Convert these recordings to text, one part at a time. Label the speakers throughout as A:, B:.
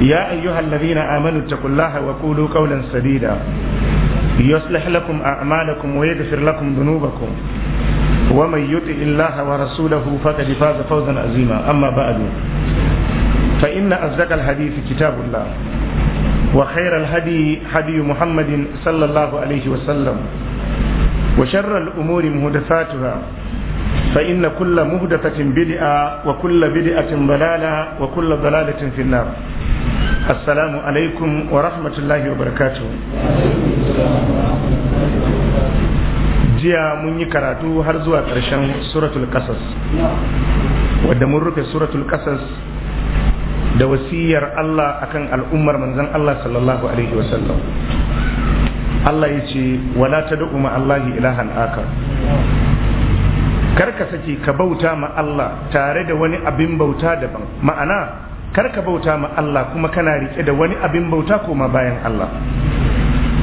A: يا أيها الذين آمنوا اتقوا الله وقولوا قولا سديدا يصلح لكم أعمالكم ويغفر لكم ذنوبكم ومن يطع الله ورسوله فقد فاز فوزا عظيما أما بعد فإن أصدق الحديث كتاب الله وخير الهدي هدي محمد صلى الله عليه وسلم وشر الأمور مهدفاتها فإن كل مهدفة بدعة وكل بدعة ضلالة وكل ضلالة في النار assalamu alaikum wa rahmatullahi wa barakatuhu jiya mun yi karatu har zuwa ƙarshen suratul ƙasas wadda mun rufe suratul ƙasas da wasiyar Allah akan al'ummar manzan Allah sallallahu alaihi wasallam Allah ya ce wala ta da'u Allahi ilahan aka kar ka saki ka bauta ma Allah tare da wani abin bauta daban ma'ana kar ka bauta ma Allah kuma kana rike da wani abin bauta ko ma bayan Allah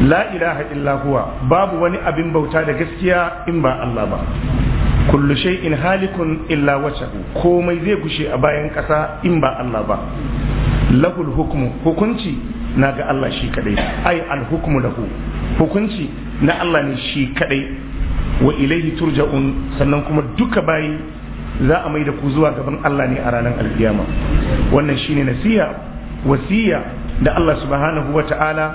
A: la ilaha illa huwa babu wani abin bauta da gaskiya in ba Allah ba kullu shay'in halikun illa wajhu komai zai gushe a bayan kasa in ba Allah ba lahul hukmu hukunci na ga Allah shi kadai ai al hukmu lahu hukunci na Allah ne shi kadai wa ilaihi turja'un sannan kuma duka bayi za a mai da ku zuwa gaban Allah ne a ranar alkiyama wannan shine nasiha wasiya da Allah subhanahu wa ta'ala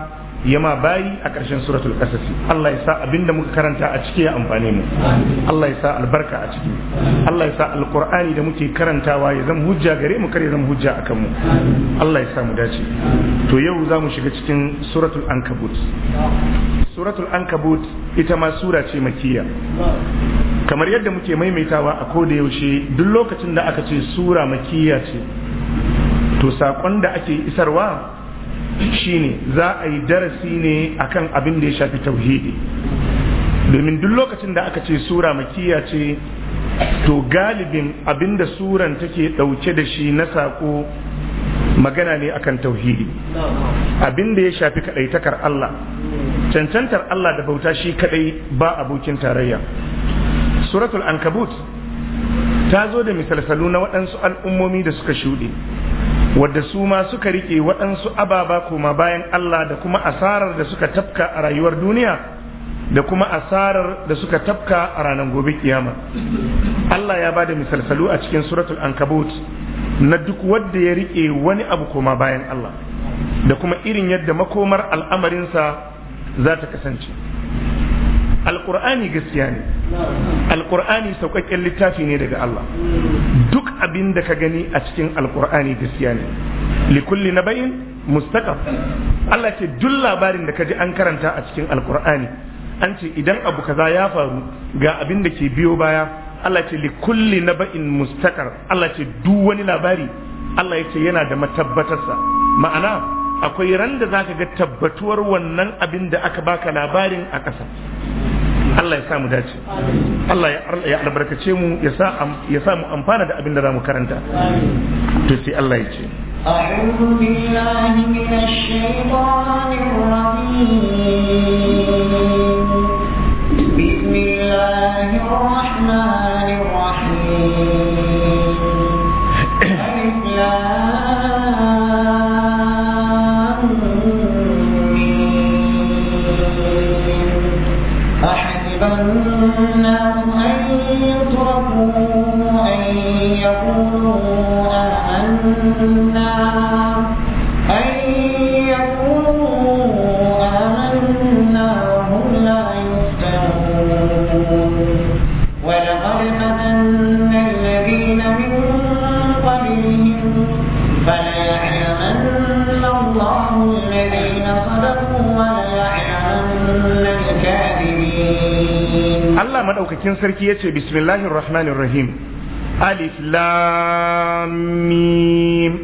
A: yama bayi a ƙarshen suratul kasasi Allah ya sa abinda muka karanta a ciki ya amfane mu Allah ya sa albarka a ciki Allah ya sa alqur'ani da muke karantawa ya zama hujja gare mu kar ya zama hujja akan mu Allah ya sa mu dace to yau za mu shiga cikin suratul ankabut suratul ankabut ita ma sura ce makiyya kamar yadda muke maimaitawa a koda yaushe duk lokacin da aka ce sura makiyya ce to saƙon da ake isarwa shine za a yi darasi ne akan abin da ya shafi tauhidi domin duk lokacin da aka ce sura makiya ce to galibin abin da suran take dauke da shi na sako magana ne akan tauhidi abin da ya shafi kadaitakar Allah cancantar Allah da bauta shi kadai ba abokin tarayya suratul ankabut ta zo da misalsalu na waɗansu al'ummomi da suka shuɗe wadda su ma suka rike waɗansu ababa koma bayan Allah da kuma asarar da suka tafka a rayuwar duniya da kuma asarar da suka tafka a ranar gobe kiyama Allah ya ba da misalsalu a cikin suratul ankabut na duk wadda ya rike wani abu koma bayan Allah da kuma irin yadda makomar al'amarinsa za ta kasance alkur'ani gaskiya ne alkur'ani sauƙaƙƙen littafi ne daga Allah duk abin da ka gani a cikin alkur'ani gaskiya ne likulli na bayin mustaqaf Allah ce duk labarin da ka ji an karanta a cikin alkur'ani an ce idan abu kaza ya faru ga abin da ke biyo baya Allah ce likulli na ba'in mustaqar Allah ce duk wani labari Allah ya ce yana da matabbatarsa ma'ana akwai randa da ka ga tabbatuwar wannan abin da aka baka labarin a ƙasa Allah ya samu dace Allah ya albarkace mu ya sa mu amfana da abin da za mu karanta to sai Allah ya ce
B: أعوذ بالله من الشيطان الرجيم بسم الله الرحمن الرحيم
A: فليعلمن
B: الله الذين صدقوا وليعلمن
A: الكاذبين الله مدوكاكين سركي يتي بسم الله الرحمن الرحيم ألف لام ميم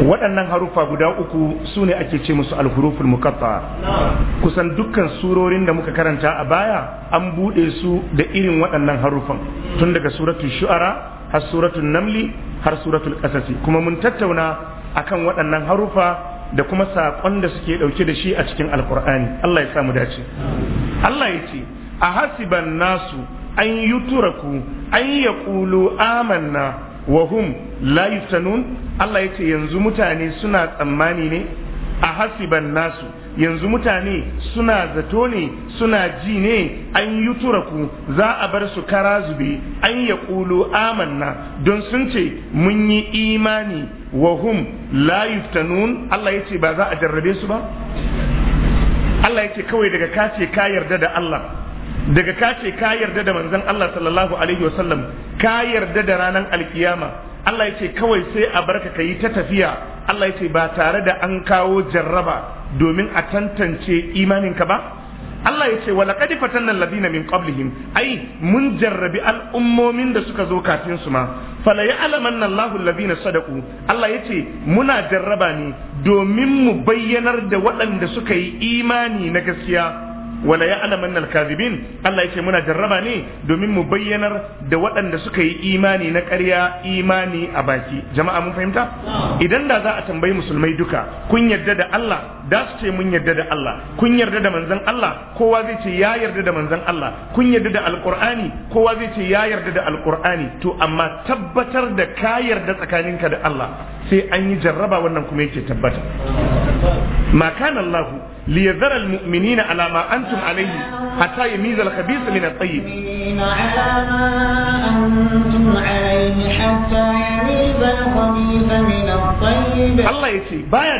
A: waɗannan harufa guda uku su ne ake ce musu alhuruful mukatta kusan dukkan surorin da muka karanta a baya an buɗe su da irin waɗannan harufan tun daga suratun shu'ara har suratun namli har suratul qasasi kuma mun tattauna akan waɗannan harufa da kuma saƙon da suke ɗauke da shi a cikin alƙur'ani Allah ya samu dace Allah ya ce a hasiban nasu an yuturaku an yaqulu amanna wa hum la yuftanun Allah ya ce yanzu mutane suna tsammani ne a hasiban nasu yanzu mutane suna zato ne suna ji ne an yi turaku za a bar su kara zube an ya ƙulu amanna don sun ce mun yi imani wa hum la yuftanun Allah ya ce ba za a jarrabe su ba Allah ya ce kawai daga ka ce ka yarda da Allah daga ka ce ka yarda da manzon Allah sallallahu alaihi wasallam ka yarda da ranar alkiyama Allah ya ce kawai sai a barka ka yi ta tafiya Allah ya ce ba tare da an kawo jarraba domin a tantance imaninka ba Allah ya ce walaƙadi fatannan ladina min qablihim ai mun jarrabi al'ummomin da suka zo kafin su ma fala ya alamanna Allahu ladina sadaku Allah ya ce muna jarraba ne domin mu bayyanar da waɗanda suka yi imani na gaskiya wala ya al kazibin? Allah yake muna jarraba ne domin mu bayyanar da waɗanda suka yi imani na ƙarya imani a baki jama'a mun fahimta idan da za a tambayi musulmai duka kun yarda da Allah da su ce mun yarda da Allah kun yarda da manzon Allah kowa zai ce ya yarda da manzon Allah kun yarda da alqur'ani kowa zai ce ya yarda da alqur'ani to amma tabbatar da ka yarda tsakaninka da Allah sai an yi jarraba wannan kuma yake tabbata ma kana Allahu ليذر المؤمنين على ما أنتم عليه حتى يميز الخبيث من الطيب
B: على ما أنتم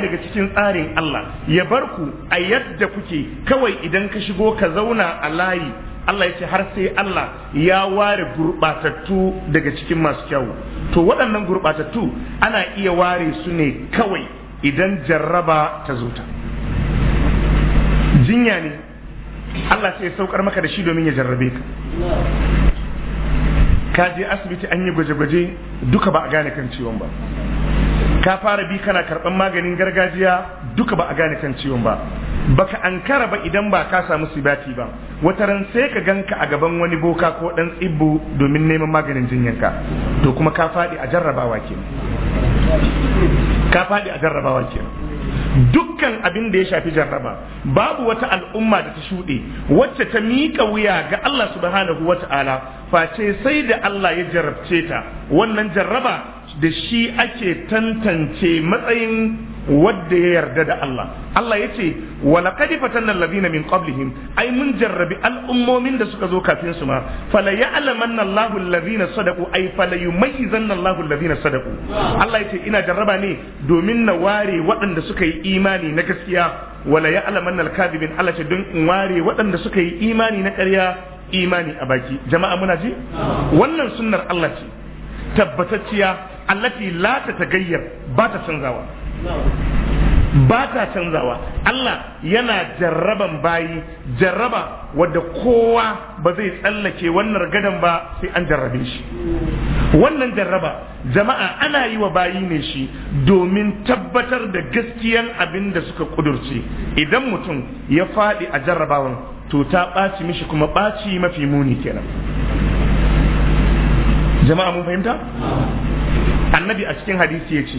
A: daga cikin tsarin Allah ya barku a yadda kuke kawai idan ka shigo ka zauna a layi Allah ya ce har sai Allah ya ware gurɓatattu daga cikin masu kyau, to waɗannan gurɓatattu ana iya ware su ne kawai idan jarraba ta zuta. jinya ne Allah sai ya saukar maka da shi domin ya jarrabe ka ka je asibiti an yi gwaje-gwaje duka ba a gane kan ciwon ba ka fara bi kana karɓar maganin gargajiya duka ba a gane kan ciwon ba baka ankara ba idan ba ka samu sibati ba wata ran sai ka ganka a gaban wani boka ko dan tsibbu domin neman maganin jinyanka to kuma ka faɗi a jarrabawa kenan ka faɗi a jarrabawa kenan dukkan abin da ya shafi jarraba babu wata al'umma da ta shuɗe wacce ta miƙa wuya ga Allah subhanahu wa ta'ala face sai da Allah ya jarrabce ta wannan jarraba da shi ake tantance matsayin wadda ya yarda da Allah Allah ya ce wala kadi fatanna alladhina min qablihim ai mun jarrabi al'ummomin da suka zo kafin su ma fala ya'lamanna Allahu alladhina sadaqu ai fala yumayyizanna Allahu alladhina sadaqu Allah ya ce ina jarraba ne domin na ware waɗanda suka yi imani na gaskiya wala ya'lamanna al-kadhibin Allah ce don in ware waɗanda suka yi imani na ƙarya imani a baki jama'a muna ji wannan sunnar Allah ce tabbatacciya allati la ta tagayyar ba ta canzawa ba ta canzawa Allah yana jarraban bayi jarraba wadda kowa ba zai tsallake wannan gadon ba sai an jarrabe shi wannan jarraba jama'a ana yi wa bayi ne shi domin tabbatar da gaskiyan abin da suka kudurce idan mutum ya faɗi a jarrabawan to ta ɓaci mishi kuma ɓaci mafi muni kenan jama'a mun fahimta annabi a cikin hadisi ya ce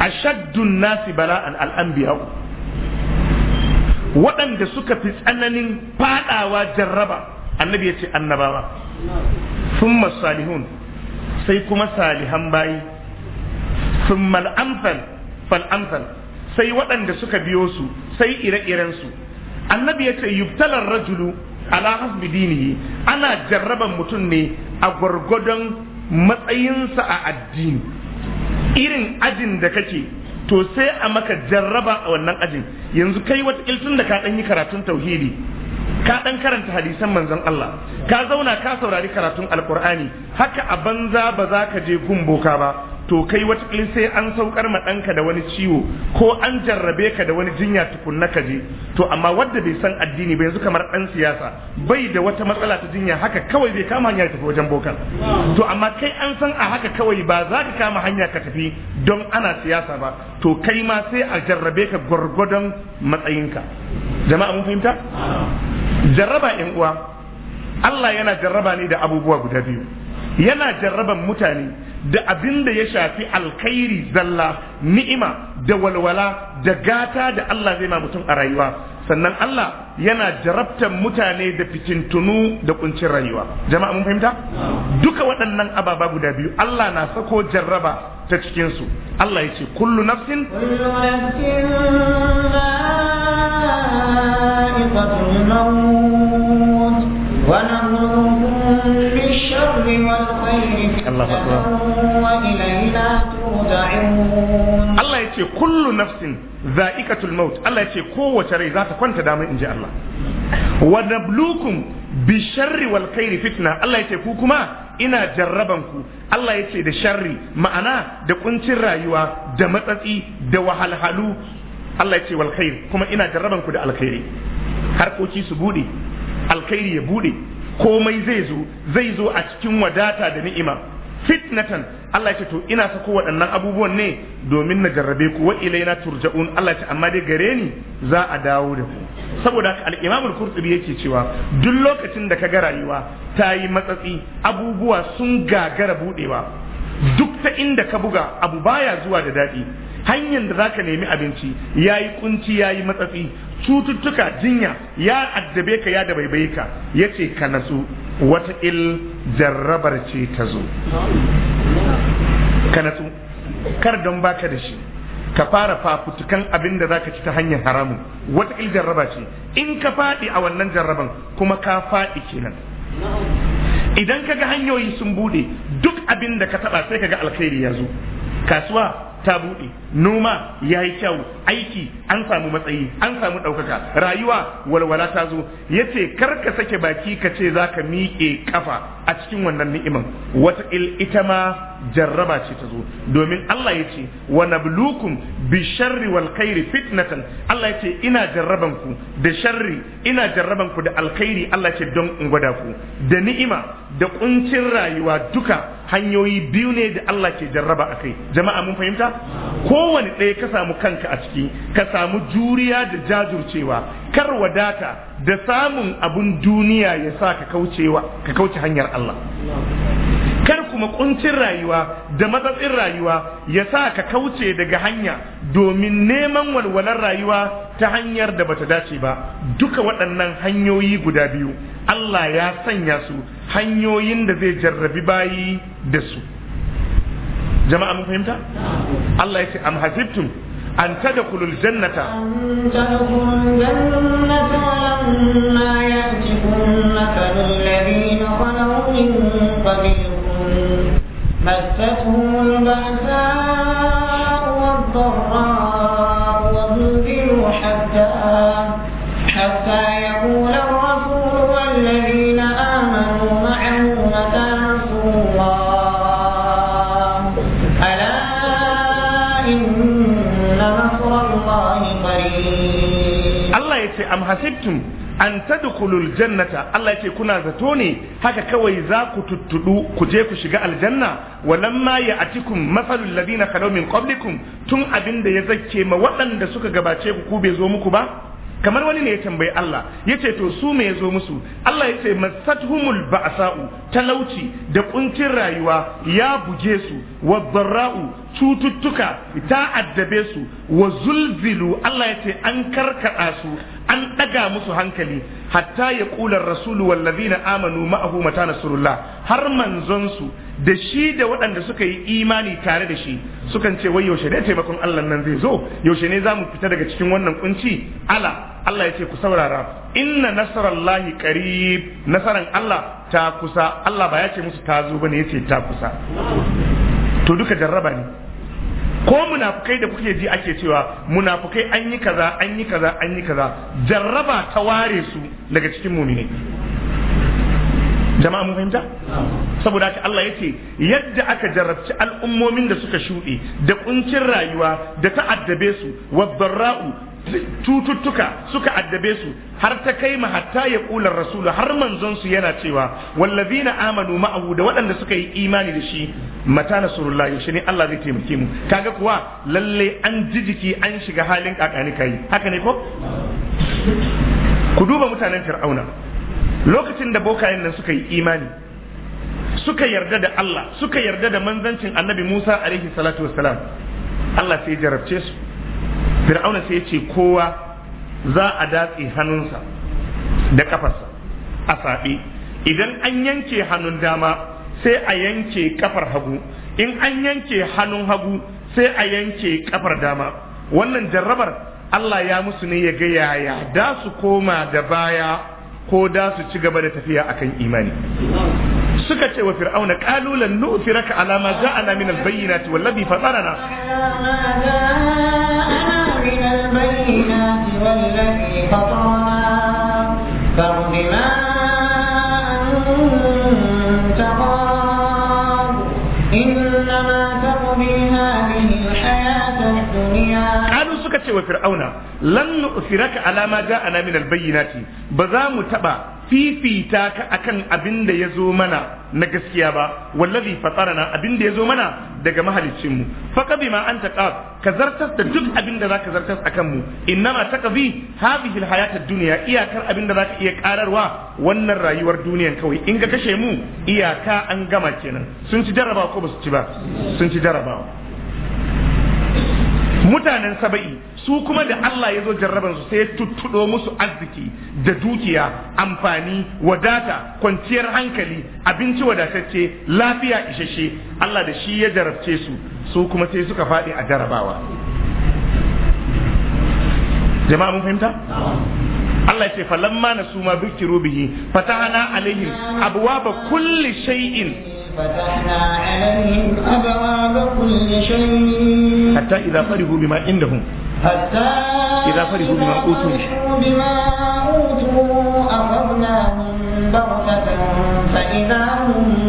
A: ashaddun nasi bala'an al'anbiya waɗanda suka fi tsananin fadawa jarraba annabi ya ce annabawa sun salihun sai kuma salihan bayi sun mal'amfal fal'amfan, sai waɗanda suka biyo su sai ire-irensu annabi ya ce yubtalar rajulu ala hasbi dinihi ana jarraban mutum ne a gwargwadon matsayinsa a addini irin ajin da kake to sai a maka jarraba a wannan ajin yanzu kai wata iltun da ka ɗan yi karatun tauhidi ka dan karanta hadisan manzon Allah ka zauna ka saurari karatun alkur'ani haka a banza ba za ka je gun boka ba to kai wata sai an saukar ma ɗanka da wani ciwo ko an jarrabe ka da wani jinya tukunna ka je to amma wanda bai san addini ba yanzu kamar ɗan siyasa bai da wata matsala ta jinya haka kawai bai kama hanya tafi wajen bokar. to amma kai an san a haka kawai ba za ka kama hanya ka tafi don ana siyasa ba to kai ma sai a jarrabe ka gwargwadon matsayinka jama'a mun fahimta jarraba yan uwa Allah yana jarraba ni da abubuwa guda biyu yana jarraban mutane da abin da ya shafi alkhairi zalla ni'ima da walwala da gata da Allah zai ma mutum a rayuwa sannan Allah yana jarabtar mutane da fitintunu da kuncin rayuwa jama'a mun fahimta duka waɗannan ababa guda biyu Allah na sako jarraba ta cikin su Allah ya ce kullu nafsin
B: بالشر والخير Allah
A: Allah ya ce kullu nafsin za'iqatul maut Allah ya ce kowace rai za ta kwanta damar ji Allah wa nablukum bi sharri wal khairi fitna Allah ya ce ku kuma ina jarraban ku Allah ya ce da sharri ma'ana da kuncin rayuwa da matsatsi da wahalhalu Allah ya ce wal kuma ina jarraban ku da alkhairi harkoki su bude alkhairi ya bude komai zai zo zai zo a cikin wadata da ni'ima fitnatan Allah ya ce to ina sako waɗannan abubuwan ne domin na jarrabe ku wa ilaina turja'un Allah ya ce amma dai gare ni za a dawo da ku saboda haka al-Imam al-Qurtubi yake cewa duk lokacin da ka ga rayuwa ta yi matsatsi abubuwa sun gagara budewa duk ta inda ka buga abu baya zuwa da daɗi hanyar da zaka nemi abinci yayi kunci yayi matsatsi cututtuka jinya ya addabe ka ya da baibaye ka yace ka natsu wata il jarrabar ce ta zo ka natsu kar don baka da shi ka fara fafutukan abin da zaka ci ta hanyar haramun wata il jarraba ce in ka faɗi a wannan jarraban kuma ka faɗi kenan idan ka ga hanyoyi sun bude duk abin da ka taɓa sai ka ga alkhairi ya zo kasuwa ta buɗe noma ya yi kyau aiki an samu matsayi an samu ɗaukaka rayuwa walwala ta zo ya ce kar ka sake baki ka ce za ka miƙe kafa a cikin wannan ni'iman wata ita ma jarraba ce ta zo domin Allah ya ce wa nablukum bi sharri wal khairi fitnatan Allah ya ce ina jarraban ku da sharri ina jarraban ku da alkhairi Allah ya ce don in gwada ku da ni'ima da kuncin rayuwa duka hanyoyi biyu ne da Allah ke jarraba a kai jama'a mun fahimta kowane ɗaya ka samu kanka a ciki ka samu juriya da jajircewa kar wadata da samun abun duniya ya sa ka kaucewa ka kauce hanyar Allah kar kuma kuncin rayuwa da matsatsin rayuwa ya sa ka kauce daga hanya domin neman walwalar rayuwa ta hanyar da bata dace ba duka waɗannan hanyoyi guda biyu Allah ya sanya su hanyoyin da zai jarrabi bayi da su jama'a mun fahimta Allah ya ce am hasibtum an tadkhulul jannata an
B: tadkhulul jannata lamma ya'tikum mathalu alladhina
A: am hasibtum an tadkhulul jannata Allah yace kuna zato ne haka kawai za ku tuttudu ku je ku shiga aljanna walamma ya'tikum mathalul ladina khalaw min qablikum tun abinda ya zakke ma waɗanda suka gabace ku ku bai zo muku ba kamar wani ne ya tambayi Allah ya ce to su me ya zo musu Allah ya ce masathumul ba'sa'u talauci da kuncin rayuwa ya buge su wa cututtuka ta addabe su wa zulzilu Allah ya ce an karkaɗa su an ɗaga musu hankali hatta ya ƙular rasulu wallazina amanu ma'ahu mata nasrullah har manzonsu da shi da waɗanda suka yi imani tare da shi sukan ce wai yaushe ne taimakon Allah nan zai zo yaushe ne za mu fita daga cikin wannan kunci ala Allah ya ce ku saurara inna nasarallahi qarib nasaran Allah ta kusa Allah ba ya ce musu ta zo bane ya ce ta kusa to duka jarraba ne ko munafukai da kuke ji ake cewa munafukai an yi kaza an yi kaza an yi kaza jarraba ta ware su daga cikin mumini jama'a mun fahimta saboda haka Allah yace yadda aka jarrabci al'ummomin da suka shuɗe da kuncin rayuwa da ta addabe su wa barra'u cututtuka suka addabe su har ta kai ma hatta ya kula rasulu har manzon su yana cewa wallazina amanu ma'ahu da waɗanda suka yi imani da shi mata nasrullah yaushe ne Allah zai taimake mu kaga kuwa lalle an jijiki an shiga halin kakani kai haka ne ko ku duba mutanen fir'auna lokacin da bokayen nan suka yi imani suka yarda da Allah suka yarda da manzancin annabi Musa alaihi salatu wassalam Allah sai jarabce su fir'auna sai ya ce kowa za a datse hannunsa da kafarsa a saɓe idan an yanke hannun dama sai a yanke kafar hagu in an yanke hannun hagu sai a yanke kafar dama wannan jarrabar Allah ya musu ne ya ga yaya da su koma da baya ko da su ci gaba da tafiya akan imani suka ce wa fir'auna qalu lan nu'thiraka ala ma ja'ana min al-bayyinati fatarana
B: بالبينات والذي فطرنا فارض ما أنت قاض إنما تقضي هذه الحياة الدنيا
A: suka ce wa fir'auna lan nu'siraka ala ma ja'ana min al-bayyinati ba za mu taba fifita ka akan abin da ya zo mana na gaskiya ba wallazi fatarana abin da ya zo mana daga mahaliccin mu faka bima anta qab ka zartas da duk abin da zaka zartas akan mu innama taqbi hadhihi alhayatad dunya iyakar abin da zaka iya kararwa wannan rayuwar duniyan kawai in ka kashe mu iyaka an gama kenan sun ci jaraba ko ba su ci ba sun ci jarabawa mutanen saba'i su kuma da Allah ya zo jarrabar su sai tuttuɗo musu arziki da dukiya amfani wadata kwanciyar hankali abinci wadatacce lafiya isasshe Allah da shi ya jarabce su su kuma sai suka faɗi a jarabawa jama'a mun fahimta Allah ce falamma na su ma bihi fatahana alaihim abwaba kulli shay'in فتحنا عليهم أبواب كل
B: شيء
A: حتى إذا فرحوا بما عندهم
B: حتى إذا فرحوا بما أوتوا بما أوتوا أخذناهم بغتة
A: فإذا هم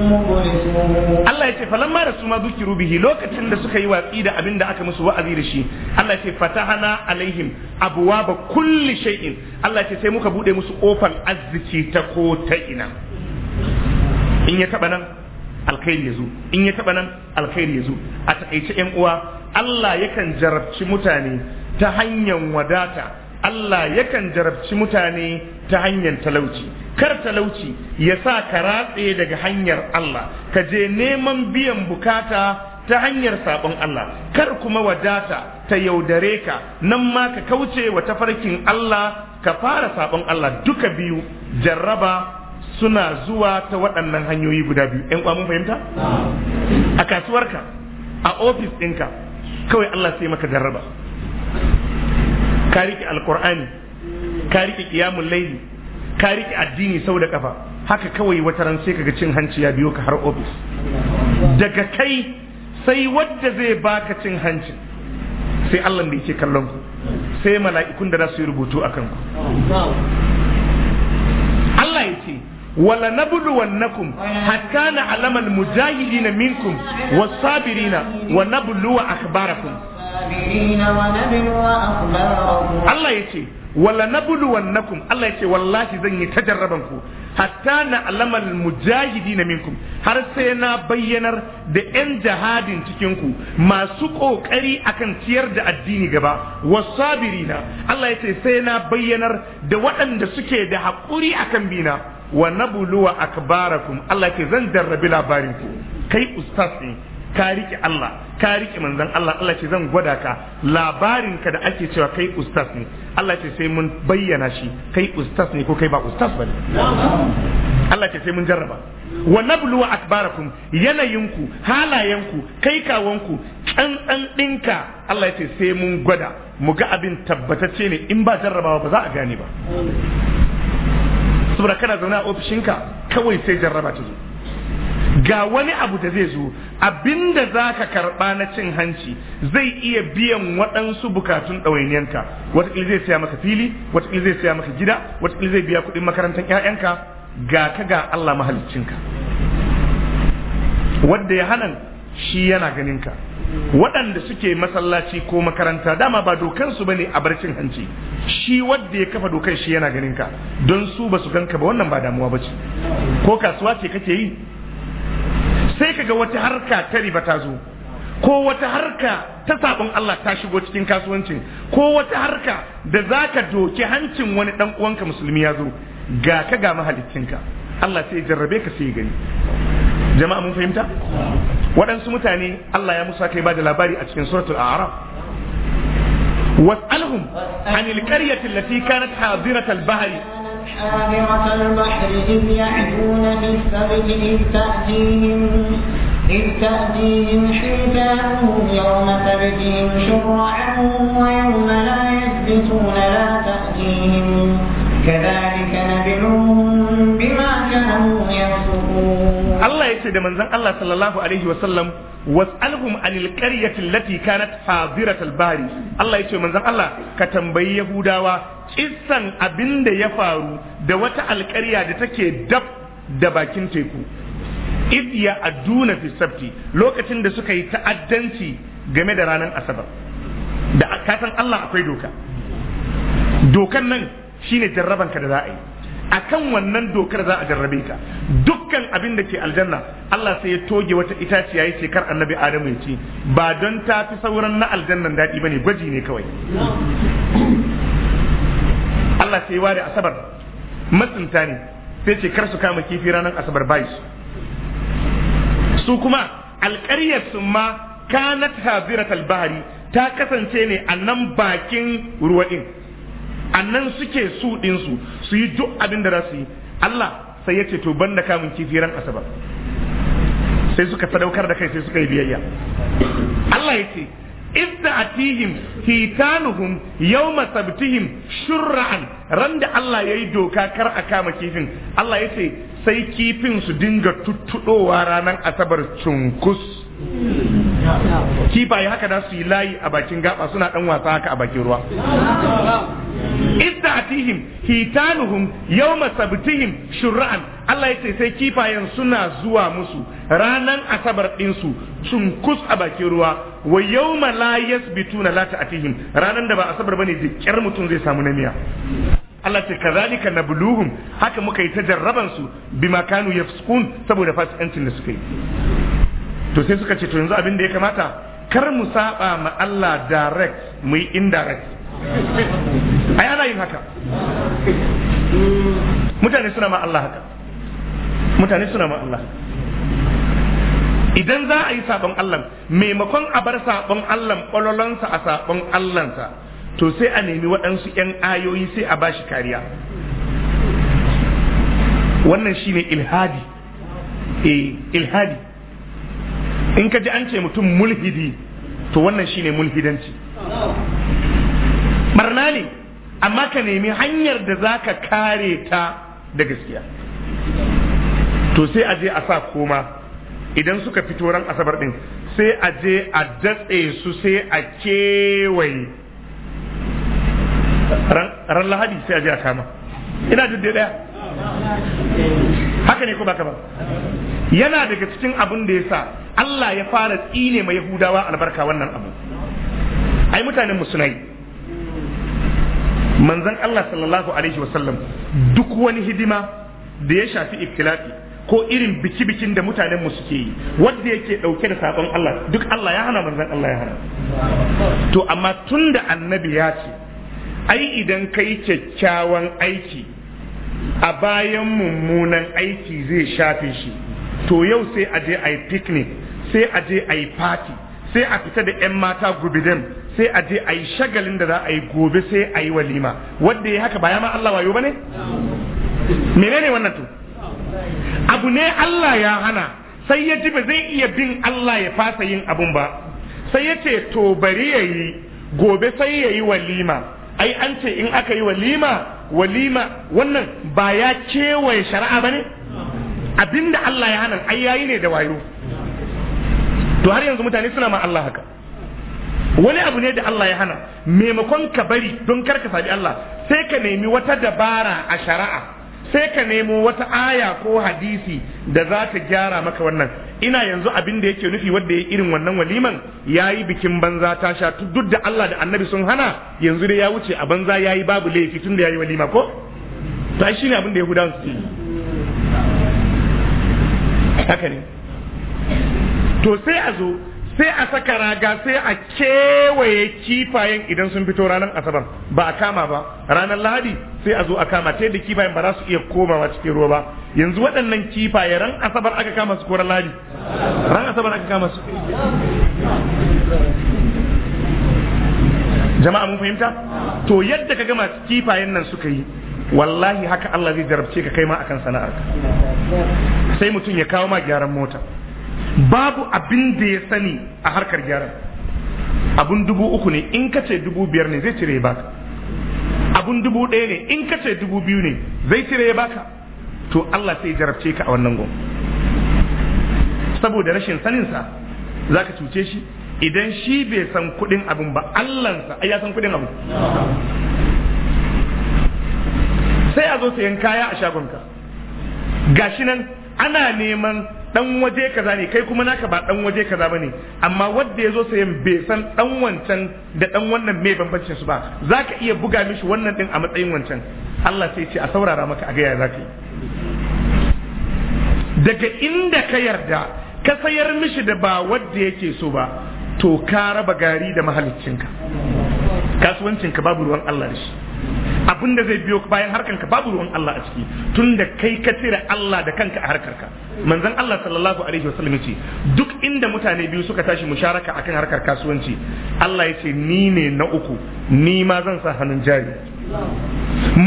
A: Allah ya ce falamma da suma duki zukiru bihi lokacin da suka yi watsi da abin da aka musu wa'azi da shi Allah ya ce fatahana alaihim abuwa ba kulli shay'in Allah ya ce sai muka buɗe musu ƙofan arziki ta ko ta ina in ya taba nan alkhairi ya zo in ya taɓa nan alkhairi ya zo a taƙaice ‘yan uwa Allah yakan jarabci mutane ta hanyar wadata Allah yakan jarabci mutane ta hanyar talauci kar talauci ya sa ka ratse daga hanyar Allah ka je neman biyan bukata ta hanyar sabon Allah kar kuma wadata ta yaudare ka nan ma ka kauce wa tafarkin Allah ka fara sabon Allah duka biyu jarraba suna zuwa ta waɗannan hanyoyi guda biyu Yan mun fahimta a kasuwarka a ofis ɗinka kawai Allah sai maka jarraba ka riƙe alƙur'ani ka riƙe ƙiyamun laili ka riƙe addini sau da ƙafa haka kawai wata ran sai kaga cin hanci ya biyo ka har ofis daga kai sai wadda zai baka cin hanci sai Allah da yake kallon ku sai mala'ikun da za su yi rubutu a kanku wala nabluwannakum hatta na'lama almujahidin minkum was-sabirina wa nabluwa akhbarakum Allah yace wala nabluwannakum Allah yace wallahi zan yi ta ku hatta na'lama almujahidin minku, har sai na bayyanar da yan jihadin cikin ku masu kokari akan ciyar da addini gaba was-sabirina Allah yace sai na bayyanar da waɗanda suke da haƙuri akan bina wa nabluwa akbarakum Allah ke zan jarrabi labarin ku kai ustaz ne ka rike Allah ka rike manzon Allah Allah ce zan gwada ka labarin ka da ake cewa kai ustaz ne Allah ce sai mun bayyana shi kai ustaz ne ko kai ba ustaz bane Allah ce sai mun jarraba wa nabluwa akbarakum yanayinku halayenku kai kawanku tsantsan ɗinka Allah ya ce sai mun gwada mu ga abin tabbatacce ne in ba jarrabawa ba za a gane ba saboda kana zaune a ofishinka kawai sai jarraba ta zo ga wani abu da zai zo abinda za ka karɓa na cin hanci zai iya biyan waɗansu bukatun ɗawainiyanka wataƙila zai siya maka fili wataƙila zai siya maka gida wataƙila zai biya kuɗin makarantar 'ya'yanka ga ka ga Allah mahaliccinka Wadda ya hanan shi yana ganinka waɗanda suke masallaci ko makaranta dama ba dokansu bane a barcin hanci shi wadda ya kafa dokan shi yana ganin ka don su ba su ganka ba wannan ba damuwa ba ce ko kasuwa ce kake yi sai kaga wata harka ta riba ta zo ko wata harka ta sabon Allah ta shigo cikin kasuwancin ko wata harka da zaka doki hancin wani ɗan uwanka musulmi ya zo ga ka ga ka? Allah sai jarrabe ka sai gani jama'a mun fahimta waɗansu mutane Allah ya musa kai ba da labari a cikin suratul a'raf was'alhum anil qaryati allati kanat hadirat al-bahr
B: حاضرة البحر إذ يعدون في السبت إذ تأتيهم إذ تأتيهم حيتانهم يوم سبتهم شرعا ويوم لا يثبتون لا
A: تأتيهم كذلك نبلوهم بما كانوا Allah ya ce da manzan Allah sallallahu alaihi wasallam was'alhum anil qaryati allati kanat hadirat al-bahri Allah ya ce manzan Allah ka tambayi Yahudawa kissan abin da ya faru da wata alƙarya da take dab da bakin teku id ya aduna fi sabti lokacin da suka yi ta'addanci game da ranar asabar da ka san Allah akwai doka dokan nan shine ka da za a yi akan wannan dokar za a jarrabe ka dukkan abin da ke aljanna Allah sai ya toge wata itaciya ya kar annabi Adamu ya ci ba don ta fi sauran na aljannan daɗi ne gwaji ne kawai Allah sai ware asabar matsinta ne sai ce kar su kama kifi ranar asabar bai su kuma alƙaryar su ma kanat hazirat albahari ta kasance ne a nan bakin ruwa din annan suke su ɗinsu su yi duk abin da za su yi Allah sai ya ce to banda kamun kifi ran asabar sai suka sadaukar da kai sai suka yi biyayya Allah ya ce idda atihim hitanuhum yawma sabtihim shur'an ran da Allah yayi doka kar a kama kifin Allah ya ce sai kifin su dinga tuttuɗowa ranar asabar cunkus kifaye haka da su yi layi a bakin gaba suna dan wasa haka a bakin ruwa idda atihim hitanuhum yawma sabtihim shur'an Allah yace sai kifayen suna zuwa musu ranan asabar din su cunkus a bakin ruwa wa yawma la yasbituna la ta'tihim ranan da ba asabar bane jikkar mutum zai samu namiya Allah ce kazalika nabluhum haka muka yi ta jarraban su bima kanu yafsukun saboda fasikancin da suka yi to sai suka ce to yanzu abin da ya kamata kar mu saba ma Allah direct mu yi indirect ai ana yin haka mutane suna ma Allah haka mutane suna ma Allah idan za a yi sabon Allah maimakon a bar sabon Allah kwalolonsa a sabon Allahnsa to sai a nemi waɗansu 'yan ayoyi sai a bashi kariya wannan shine ilhadi eh ilhadi in ka ji an ce mutum mulhidi to wannan shine mulhidanci barna ne amma ka nemi hanyar da za ka kare ta da gaskiya to sai a je a sa koma idan suka fito ran asabar din sai a je a datse su sai a kewaye ran lahadi sai a je a kama ina da daya haka ne ko ba ka ba yana daga cikin abin da ya sa Allah ya fara tsine mai Yahudawa albarka wannan abu ai mutanen musulmai manzon Allah sallallahu alaihi wasallam duk wani hidima da ya shafi ibtilafi ko irin biki-bikin da mutanen mu suke yi wanda yake dauke da sabon Allah duk Allah ya hana manzon Allah ya hana to amma tunda annabi ya ce ai idan kai kyakkyawan aiki a bayan mummunan aiki zai shafe shi to yau sai a je a yi picnic sai a je a yi fati sai a fita da 'yan mata gubidin sai a je a yi shagalin da za a yi gobe sai a yi walima wanda ya haka baya ma Allah wayo ba ne? menene wannan to abu ne Allah ya hana sai ya ji ba zai iya bin Allah ya fasa yin abun ba sai ya ce to bari ya yi gobe sai ya yi walima ai an ce in aka yi walima walima wannan ba ya kewaye shari'a ba ne abinda Allah ya hana ai yayi ne da wayo to har yanzu mutane suna ma Allah haka wani abu ne da Allah ya hana maimakon ka bari don kar ka sabi Allah sai ka nemi wata dabara a shari'a sai ka nemo wata aya ko hadisi da za ta gyara maka wannan ina yanzu abin da yake nufi wanda ya irin wannan waliman ya yi bikin banza ta sha duk da Allah da annabi sun hana yanzu dai ya wuce a banza ya yi babu laifi tun da ya yi walima ko ta shi ne abin da ya yahudawan su haka ne to sai a zo sai a saka raga sai a kewaye kifayen idan sun fito ranar asabar ba a kama ba ranar lahadi sai a zo a kama ta yadda kifayen ba za su iya komawa cikin ruwa ba yanzu waɗannan kifaye ran asabar aka kama su koran lahadi ran asabar aka kama su jama'a mun fahimta to yadda ka gama kifayen nan suka yi wallahi haka Allah zai jarabce ka kai ma akan sana'arka sai mutum ya kawo ma gyaran mota babu abin da ya sani a harkar gyaran abun dubu uku ne in ka ce dubu biyar ne zai cire ya baka abun dubu ɗaya ne in ka ce dubu biyu ne zai cire ya baka to Allah sai jarabce ka a wannan gon saboda rashin saninsa za ka cuce shi idan shi bai san kuɗin abin ba Allahnsa ai ya san kuɗin abin sai a zo sayan kaya a shagonka gashi nan ana neman dan waje kaza ne kai kuma naka ba dan waje kaza bane amma wanda yazo sayan bai san dan wancan da dan wannan mai bambancin su ba zaka iya buga mishi wannan din a matsayin wancan Allah sai ce a saurara maka a gaya ya zaka yi daga inda ka yarda ka sayar mishi da ba wanda yake so ba to ka raba gari da mahaliccinka kasuwancinka babu ruwan Allah da shi abin da zai biyo bayan harkar ka babu ruwan Allah a ciki tun da kai ka cire Allah da kanka a harkar ka manzon Allah sallallahu alaihi wasallam ya ce duk inda mutane biyu suka tashi musharaka akan harkar kasuwanci Allah ya ce ni ne na uku ni ma zan sa hannun jari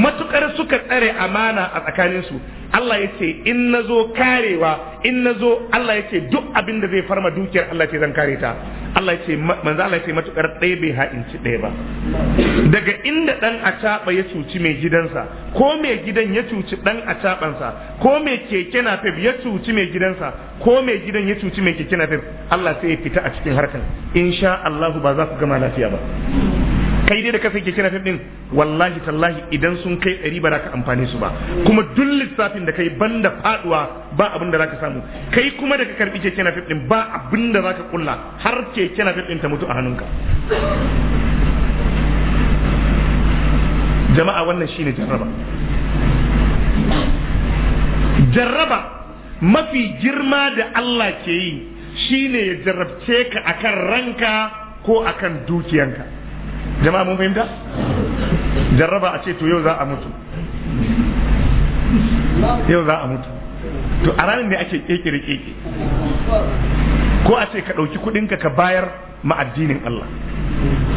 A: matukar suka tsare amana a tsakaninsu Allah ya ce in na zo karewa in na zo Allah ya ce duk abin da zai farma dukiyar Allah ce zan kare ta Allah ya ce manzo Allah ya ce matukar ɗaya bai ha'inci ɗaya ba daga inda dan acaba ya cuci mai gidansa ko mai gidan ya cuci dan acaɓansa ko mai keke na napep ya cuci mai gidansa ko mai gidan ya cuci mai keke na napep Allah sai ya fita a cikin harkan insha Allah ba za ku gama lafiya ba kai dai da kasa ke kina fim wallahi tallahi idan sun kai ɗari ba za ka amfane su ba kuma duk lissafin da kai banda faduwa ba abin da za ka samu kai kuma da ka karbi keke na fim ba abin da za ka kulla har keke na fim ta mutu a hannunka jama'a wannan shine jarraba jarraba mafi girma da Allah ke yi shine ya jarrabce ka akan ranka ko akan dukiyanka jama'a mun fahimta jarraba a ce to yau za a mutu yau za a mutu to a ranar ne ake kekere keke ko a ce ka ɗauki kuɗinka ka bayar ma'addinin Allah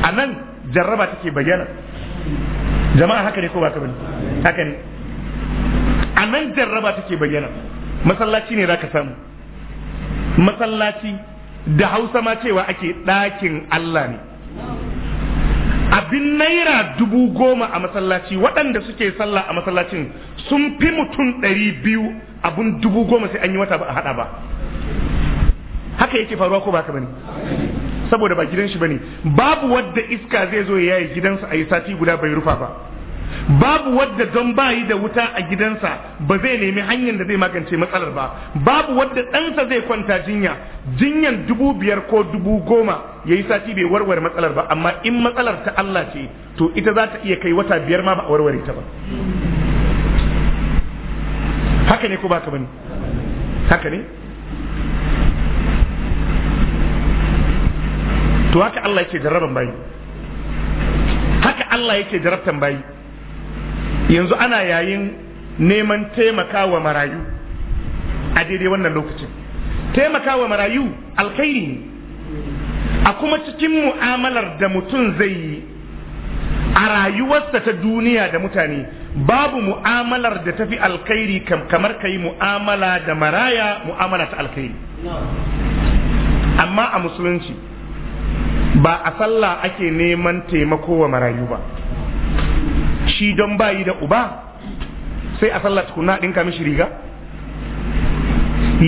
A: a nan jarraba take bayyana jama'a haka ne ko ba ka bane haka ne a nan jarraba take bayyana masallaci ne za ka samu masallaci da hausa ma cewa ake ɗakin Allah ne abin naira dubu goma a masallaci waɗanda suke sallah a masallacin sun fi mutum ɗari biyu abin dubu goma sai an yi wata ba a haɗa ba haka yake faruwa ko ba ka bane saboda ba gidan shi bane babu wadda iska zai zo ya yi gidansa a yi sati guda bai rufa ba babu wadda don bayi da wuta a gidansa ba zai nemi hanyar da zai magance matsalar ba babu wadda ɗansa zai kwanta jinya jinyan dubu biyar ko dubu goma ya yi sati bai warware matsalar ba amma in matsalar ta Allah ce to ita za ta iya kai wata biyar ma ba a warware ta ba haka ne ko ba ka bani haka ne to haka Allah yake jarraban bayi haka Allah yake jarabtan bayi yanzu ana yayin neman taimakawa marayu a daidai wannan lokacin taimakawa marayu alkhairi ne a kuma cikin mu'amalar da mutum zai yi a rayuwarsa ta duniya da mutane babu mu'amalar da tafi alkhairi kamar ka yi mu'amala da maraya mu'amala ta alkhairi amma a musulunci ba a sallah ake neman taimakowa marayu ba shi don bayi da uba sai a sallah tukunna ɗinka mishi riga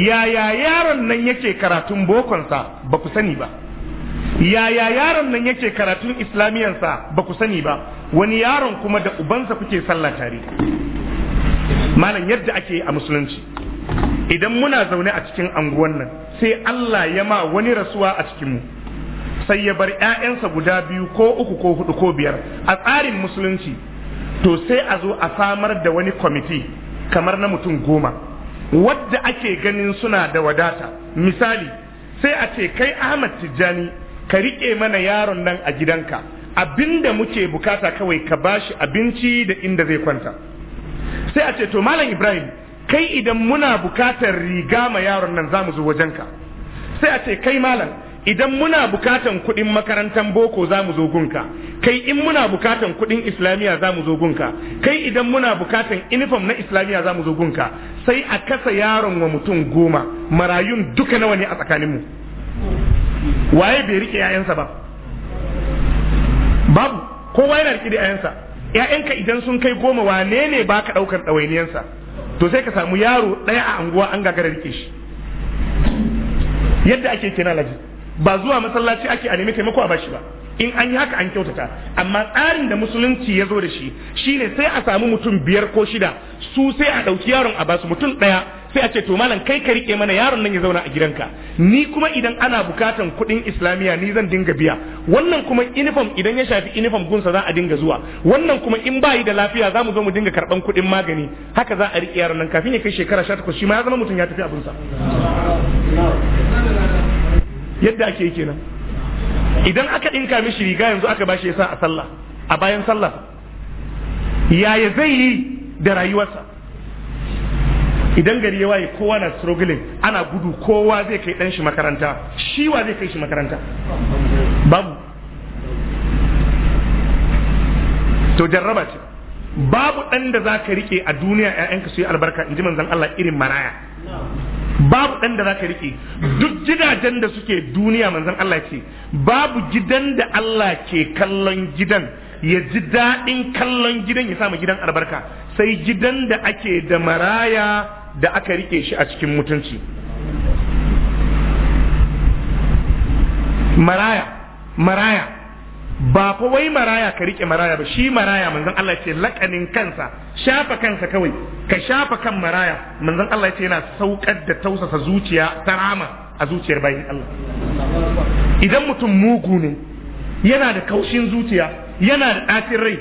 A: yaya yaron nan yake karatun bokonsa ba ku sani ba yaya yaron nan yake karatun islamiyansa ba ku sani ba wani yaron kuma da ubansa kuke sallah tare malam yadda ake a musulunci idan muna zaune a cikin anguwan nan sai Allah ya ma wani rasuwa a cikinmu sai ya bar 'ya'yansa guda biyu ko uku ko hudu ko biyar a tsarin musulunci to sai a zo a samar da wani kwamiti kamar na mutum goma wadda ake ganin suna da wadata misali sai a ce kai ahmad tijjani ka riƙe mana yaron nan a gidanka abinda muke bukata kawai ka bashi abinci da inda zai kwanta sai a ce to malam ibrahim kai idan muna bukatar riga ma yaron nan za mu zo wajenka sai a ce kai malam idan muna bukatan kuɗin makarantar boko za mu zo gunka kai in muna bukatan kuɗin islamiyya za mu zo gunka kai idan muna bukatan uniform na islamiyya za mu zo gunka sai a kasa yaron wa mutum goma marayun duka nawa ne a tsakaninmu waye bai rike 'ya'yansa ba babu kowa yana rike da 'ya'yansa 'ya'yanka idan sun kai goma wane ne ba ka ɗaukar ɗawainiyansa to sai ka samu yaro ɗaya a anguwa an gagara rike shi yadda ake kenan laji ba zuwa masallaci ake a nemi taimako a bashi ba in an yi haka an kyautata amma tsarin da musulunci ya zo da shi shine sai a samu mutum biyar ko shida su sai a ɗauki yaron a basu mutum ɗaya sai a ce to malam kai ka rike mana yaron nan ya zauna a gidanka ni kuma idan ana bukatan kuɗin islamiya ni zan dinga biya wannan kuma uniform idan ya shafi uniform gunsa za a dinga zuwa wannan kuma in bayi da lafiya za mu zo mu dinga karɓan kuɗin magani haka za a rike yaron nan kafin ya kai shekara 18 shi ma ya zama mutum ya tafi abunsa. yadda ake kenan idan aka ɗinka mishi riga yanzu aka bashi yasa a sallah a bayan sallah yaya zai yi da rayuwarsa idan gari ya waye kowa na struggling ana gudu kowa zai kai ɗan shi makaranta shi wa zai kai shi makaranta babu to jarraba ce babu ɗan da za ka riƙe a duniya ‘ya'yanka su yi albarka in ji manzan Allah irin maraya babu dan da za ka riƙe duk gidajen da suke duniya manzon Allah ce babu gidan da Allah ke kallon gidan ya ji daɗin kallon gidan ya samu gidan albarka sai gidan da ake da maraya da aka riƙe shi a cikin mutunci maraya maraya ba fa wai maraya ka rike maraya ba shi maraya manzon Allah ce lakanin kansa shafa kansa kawai ka shafa kan maraya manzon Allah ce yana saukar da tausasa zuciya ta rama a zuciyar bayin Allah idan mutum mugu ne yana da kaushin zuciya yana da ɗacin rai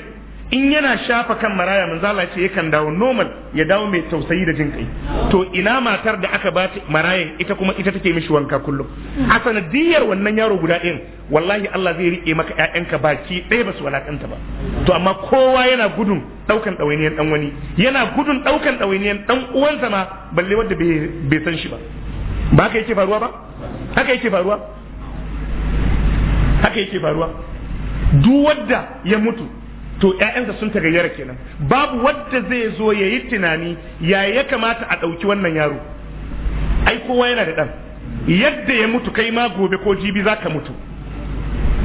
A: in yana shafa kan maraya manzo Allah ce yakan dawo normal ya dawo mai tausayi da jin kai to ina matar da aka bata maraya ita kuma ita take mishi wanka kullum a sanadiyar wannan yaro guda ɗin wallahi Allah zai rike maka ƴaƴanka baki ɗaya ba su walakanta ba to amma kowa yana gudun ɗaukan ɗawainiyar ɗan wani yana gudun ɗaukan ɗawainiyar ɗan uwansa ma balle wanda bai san shi ba ba haka yake faruwa ba haka yake faruwa haka yake faruwa duk wanda ya mutu to ƴaƴansa sun tagayyara kenan babu wadda zai zo ya yi tunani ya ya kamata a ɗauki wannan yaro ai kowa yana da ɗan yadda ya mutu kai ma gobe ko jibi za ka mutu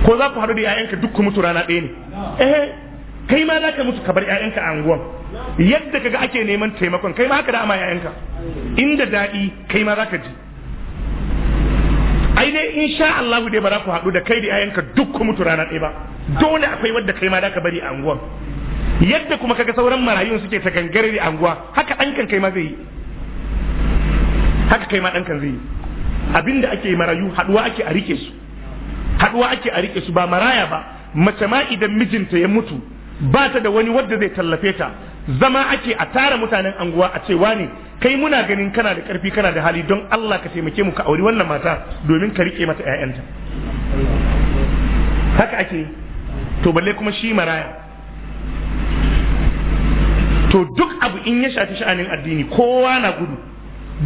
A: ko za ku haɗu da ƴaƴanka duk ku mutu rana ɗaya ne eh kai ma za ka mutu ka ƴaƴanka a anguwan yadda kaga ake neman taimakon kai ma haka da ama ƴaƴanka inda daɗi kai ma za ka ji ai dai sha Allah dai ba za ku haɗu da kai da yayanka duk ku mutu rana ɗaya ba dole akwai wadda kai ma da ka bari a anguwar yadda kuma kaga sauran marayun suke ta gangare da anguwa haka ɗankan kai ma zai yi haka kai ma ɗankan zai yi abinda ake marayu haɗuwa ake a rike su haɗuwa ake a rike su ba maraya ba mace ma idan mijinta ya mutu ba ta da wani wadda zai tallafe ta zama ake a tara mutanen anguwa a ce wani kai muna ganin kana da karfi kana da hali don Allah ka taimake mu ka auri wannan mata domin ka rike mata ƴaƴanta haka ake to balle kuma shi maraya to duk abu in ya shafi sha'anin addini kowa na gudu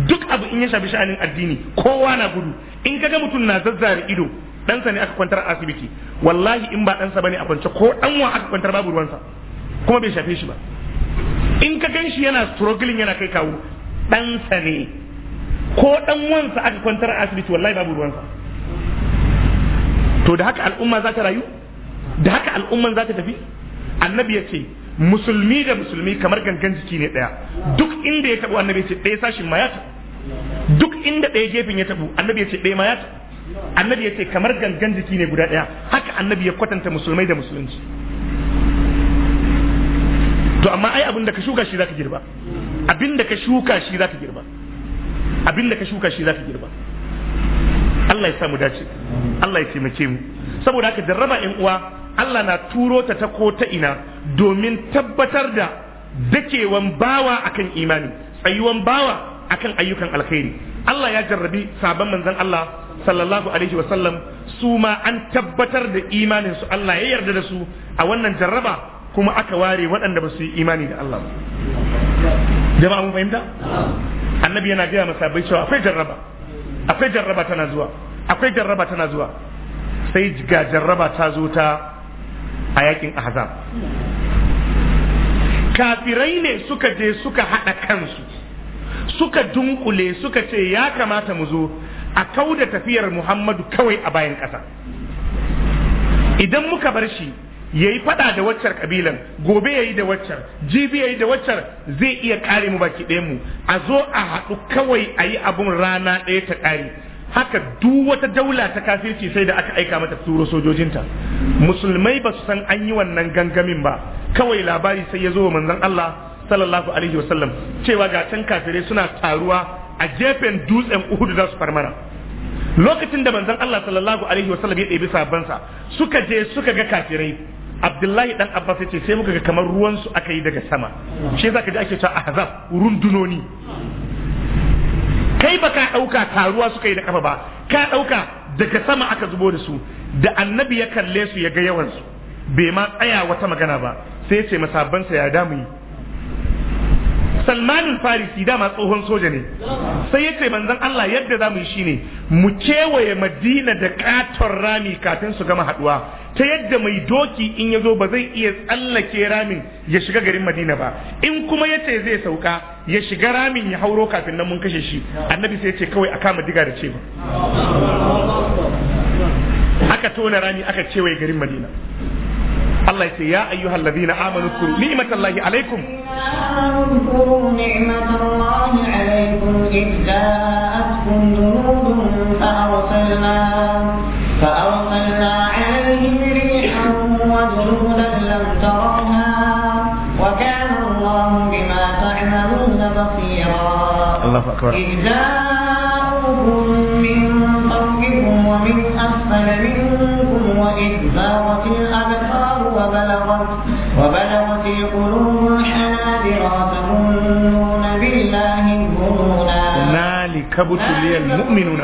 A: duk abu in ya shafi sha'anin addini kowa na gudu in ka ga mutum na zazzare ido ɗansa ne aka kwantar a asibiti wallahi in ba ɗansa bane a kwance ko ɗanwa aka kwantar babu ruwansa kuma bai shafe shi ba in ka gan shi yana struggling yana kai kawo ɗansa ne ko ɗan wansa aka kwantar a asibiti wallahi babu ruwansa to da haka al'umma za ta rayu da haka al'umman za ta tafi annabi ya ce musulmi da musulmi kamar gangan jiki ne ɗaya duk inda ya tabo annabi ya ce ɗaya sashin ma ya ta? duk inda ɗaya gefen ya tabo annabi ya ce ɗaya ma ya ta? annabi ya ce kamar gangan jiki ne guda ɗaya haka annabi ya kwatanta musulmai da musulunci to amma ai abin da ka shuka shi zaka girba abin da ka shuka shi zaka girba abin da ka shuka shi zaka girba Allah ya samu dace Allah ya taimake mu saboda haka jarraba yan uwa Allah na turo ta ta ko ta ina domin tabbatar da dakewan bawa akan imani tsayuwan bawa akan ayyukan alkhairi Allah ya jarrabi sabon manzon Allah sallallahu alaihi wasallam su ma an tabbatar da imanin su Allah ya yarda da su a wannan jarraba kuma aka ware waɗanda ba su yi imani da Allah ba jama'a mun fahimta annabi yana gaya masa bai cewa akwai jarraba akwai jarraba tana zuwa akwai jarraba tana zuwa sai ga jarraba ta zo ta a yakin ahzab kafirai ne suka je suka haɗa kansu suka dunkule suka ce ya kamata mu zo a kauda tafiyar muhammadu kawai a bayan ƙasa idan muka bar shi yayi fada da waccar kabilan gobe yayi da waccar jibi yayi da waccar zai iya kare mu baki ɗayan mu a zo a haɗu kawai a yi abun rana ɗaya ta kari haka duk wata daula ta kafirci sai da aka aika mata turo sojojinta musulmai ba su san an yi wannan gangamin ba kawai labari sai ya zo wa manzon Allah sallallahu alaihi wasallam cewa ga can kafirai suna taruwa a gefen dutsen Uhud da su farmana lokacin da manzon Allah sallallahu alaihi wasallam ya ɗebi sabansa suka je suka ga kafirai abdullahi dan abbas ya ce sai muka ga kamar ruwan su aka yi daga sama shi zaka ji ake cewa ahzab rundunoni kai baka ka ɗauka taruwa suka yi da kafa ba ka ɗauka daga sama aka zubo da su da annabi ya kalle su ya ga yawan su bai ma tsaya wata magana ba sai ya ce masabansa ya damu salmanin farisi dama tsohon soja ne sai ya ce manzon Allah yadda za mu yi shine mu kewaye madina da katon rami kafin su gama haduwa ta yadda mai doki in ya zo ba zai iya tsallake ramin ya shiga garin madina ba in kuma ya ce zai sauka ya shiga ramin ya hauro kafin nan mun kashe shi annabi sai ya ce kawai a kama diga da ce ba aka tona rami aka kewaye garin madina Allah ya ce ya ayyuhal ladina amanu kuru ni'matallahi alaikum
B: اذكروا نعمة الله عليكم إذ جاءتكم جنود فأرسلنا فأرسلنا عليهم ريحا وجنودا لم تروها وكان الله بما تعملون بصيرا الله أكبر إذ
C: جاءوكم
B: من فوقكم ومن أسفل منكم وإذ زاغت الأبصار وبلغت وبلغت القلوب الحناجر وتظنون بالله الظنونا
A: هنالك ابتلي المؤمنون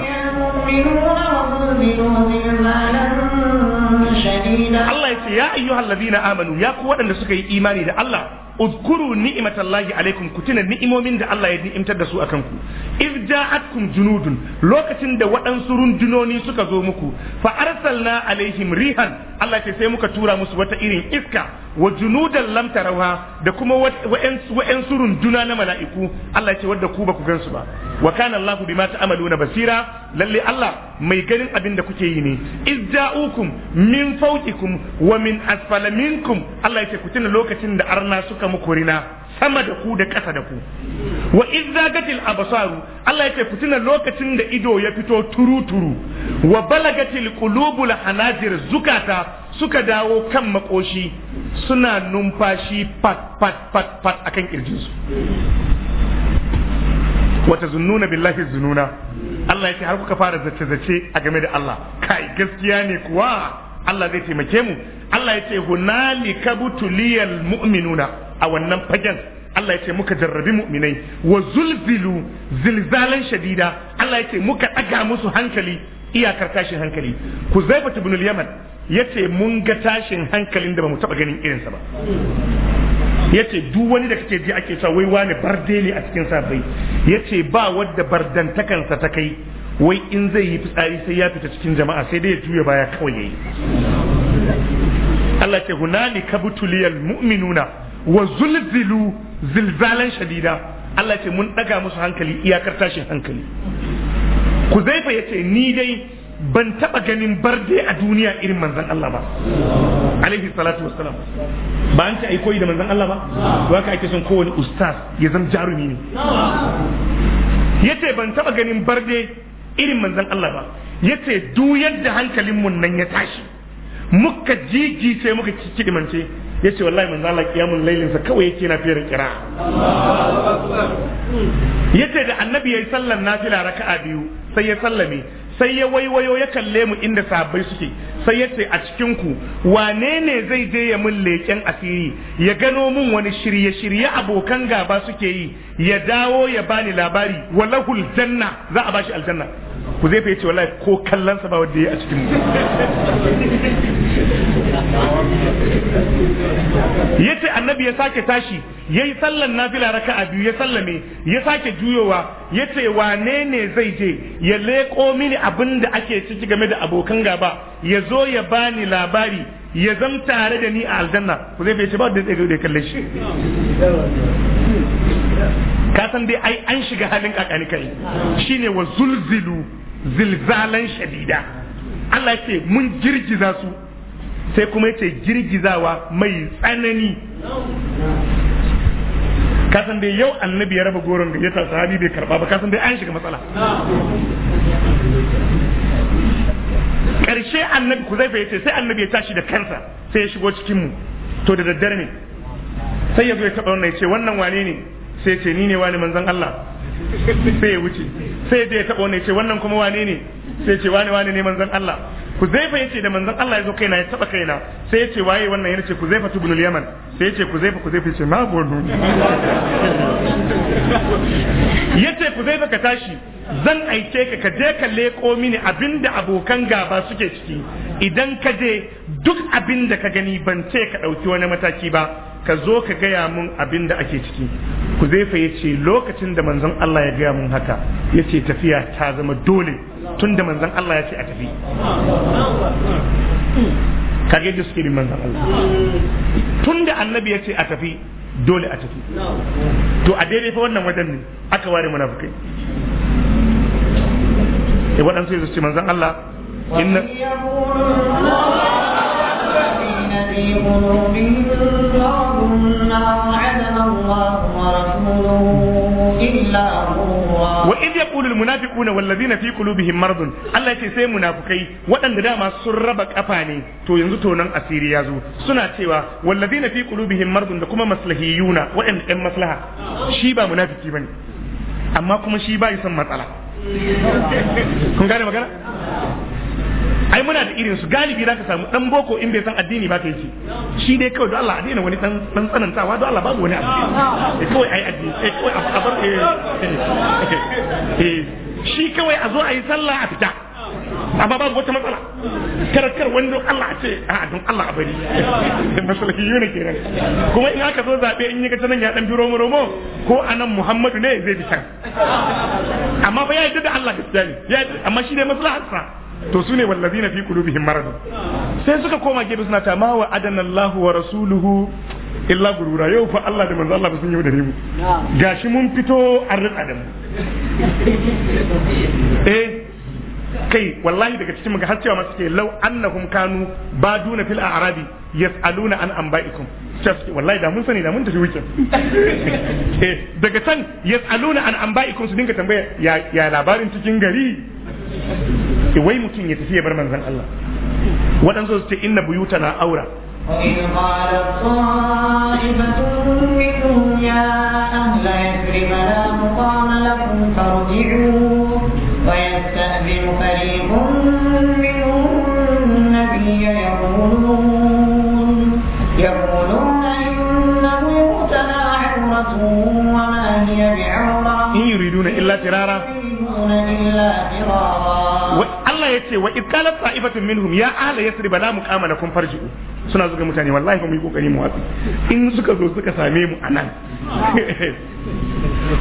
A: Allah ya ce ya ayyuhal ladina amanu ya ku waɗanda suka yi imani da Allah uzkuru ni'matallahi alaikum ku tuna ni'imomin da Allah ya ni'imtar da su akan ku iz ja'atkum junudun lokacin da waɗansu rundunoni suka zo muku fa arsalna alaihim rihan Allah ce sai muka tura musu wata irin iska wa junudan lam tarawha da kuma wa'ansu runduna na mala'iku Allah ce wadda ku ba ku gansu ba wa kana Allahu bima ta'maluna basira lalle Allah mai ganin abin da kuke yi ne iz ja'ukum min fawqikum wa min asfala minkum Allah ce ku tuna lokacin da arna suka muku rina sama da ku da ƙasa da ku wa izzagatil absaru Allah ya ce fitina lokacin da ido ya fito turu turu wa balagatil qulubul hanajir zukata suka dawo kan makoshi suna numfashi pat pat pat pat akan su wata zunnuna billahi zununa Allah ya ce har kuka fara zace zace a game da Allah kai gaskiya ne kuwa Allah zai taimake mu Allah ya ce hunalika butuliyal mu'minuna a wannan fagen Allah ya ce muka jarrabi mu'minai wa zulzilu zilzalan shadida Allah ya ce muka ɗaga musu hankali iyakar tashin hankali ku zai bata bin yaman ya ce mun ga tashin hankalin da ba mu taɓa ganin irinsa ba ya ce duk wani da kake ji ake cewa wai wani barde ne a cikin sabai ya ce ba wanda bardantakansa ta kai wai in zai yi fitsari sai ya fita cikin jama'a sai dai ya juya baya kawai ya yi Allah ce hunalika butuliyal mu'minuna wa zulzilu zilzalan shadida Allah ce mun daga musu hankali iyakar tashin hankali Ku Kuzaifa yace ni dai ban taba ganin barde a duniya irin manzon Allah ba alaihi salatu wassalam ba an ce ai koyi da manzon Allah ba to haka ake son kowane ustaz ya zama jarumi ne yace ban taba ganin barde irin manzon Allah ba yace duk yadda hankalin mun nan ya tashi muka sai muka kidimance ya ce wallahi manzo Allah kiyamun lailinsa kawai yake na fiye kira ya ce da annabi ya yi sallan nafila raka'a biyu sai ya sallame sai ya waiwayo ya kalle mu inda sahabbai suke sai ya ce a cikin ku wane ne zai je ya mun leƙen asiri ya gano mun wani shirye-shirye abokan gaba suke yi ya dawo ya bani labari walahul janna za a bashi aljanna ku zai fiye ce wallahi ko kallon sa ba wadda ya a cikin mu ce annabi ya sake tashi yayi sallan nafila a biyu ya sallame ya sake juyowa yace wane ne zai je ya leko mini abin da ake ciki game da abokan gaba ya zo ya bani labari ya zama tare da ni a aljanna ku zai fiye ce ba wadda ya kalle shi ka san dai ai an shiga halin kakani kai shine wa zulzilu zilzalan shadida Allah ya ce mun girgiza su sai kuma yace girgizawa mai tsanani kasan dai yau annabi ya raba goron gayyata sahabi bai karba ba kasan dai an shiga matsala karshe annabi ku zai yace sai annabi ya tashi da kansa sai ya shigo cikin mu to da daddare ne sai ya zo ya taba wannan ya ce wannan wane ne sai ce ni ne wani manzan Allah sai ya wuce sai je ya taɓa wani ce wannan kuma wani ne sai ce wani wani ne manzan Allah ku zaifa yace da manzan Allah ya zo kaina ya taɓa kaina sai ya ce waye wannan yana ce ku zaifa tubul yaman sai ya ce ku zaifa ku zaifa ce ma Ya yace ku zaifa ka tashi zan aike ka ka je ka leko mini abinda abokan gaba suke ciki idan ka je duk abinda ka gani ban ce ka ɗauki wani mataki ba ka zo ka gaya mun abin da ake ciki ku zefa ya ce lokacin da manzon Allah ya gaya mun haka ya ce tafiya ta zama dole tun da manzon Allah ya ce a tafi kage da suke bin manzon Allah tun da annabi ya ce a tafi dole a tafi to a daidai fa wannan wajen ne aka ware munafukai eh, sai waɗansu ya zuci manzon Allah inna
B: في قلوبهم مرض أوعدنا الله ورسوله إلا
A: وإذ يقول المنافقون والذين في قلوبهم مرض الله يتي سي منافقي ودان داما سن ربا كفا ne to yanzu tonan asiri ya zo suna cewa wallazina fi qulubihim mardun da kuma maslahiyuna waɗanda ɗan maslaha shi ba munafiki bane amma kuma shi ba son matsala kun magana ai muna da irin su galibi zaka samu dan boko in bai san addini ba kai ci shi dai kawai don Allah a wani dan dan tsanantawa don Allah babu wani abu kawai ai addini kawai a eh, bar eh, eh, eh shi kawai a zo a yi sallah a fita amma babu wata matsala karkar wani don Allah a ce a don Allah a bari masalaki yuna kenan kuma in aka zo zaɓe in yi ka nan ya dan biro romo ko anan Muhammadu ne zai bi can amma fa ya yi da Allah gaskiya ne amma shi ne sa. to sune wallazina fi qulubihim marad sai suka koma gefe suna ta ma adana Allahu wa rasuluhu illa gurura yau fa Allah da manzo Allah ba sun yi da mu gashi mun fito an rika da mu eh kai wallahi daga cikin muka har cewa masu ke lau annahum kanu baduna fil a'rabi yas'aluna an anba'ikum sai wallahi da mun sani da mun tafi wuce eh daga can yas'aluna an anba'ikum su dinga tambaya ya labarin cikin gari wai mutum ya tafi ya الله وانا زوز waɗansu su ce inna
B: قالت طائفة منهم يا أهل يثرب لا مقام لكم فارجعوا ويستأذن فريق منهم النبي يقولون
A: يقولون
B: إنه لنا عورة وما هي بعورة إن يريدون إلا ترارا
A: Allah يعملون إلا
B: فرارا
A: الله يتي وإذ قالت طائفة منهم يا أهل mu kama da لكم فارجعوا suna zuga mutane wallahi mu yi kokari mu watsi in suka zo suka same mu anan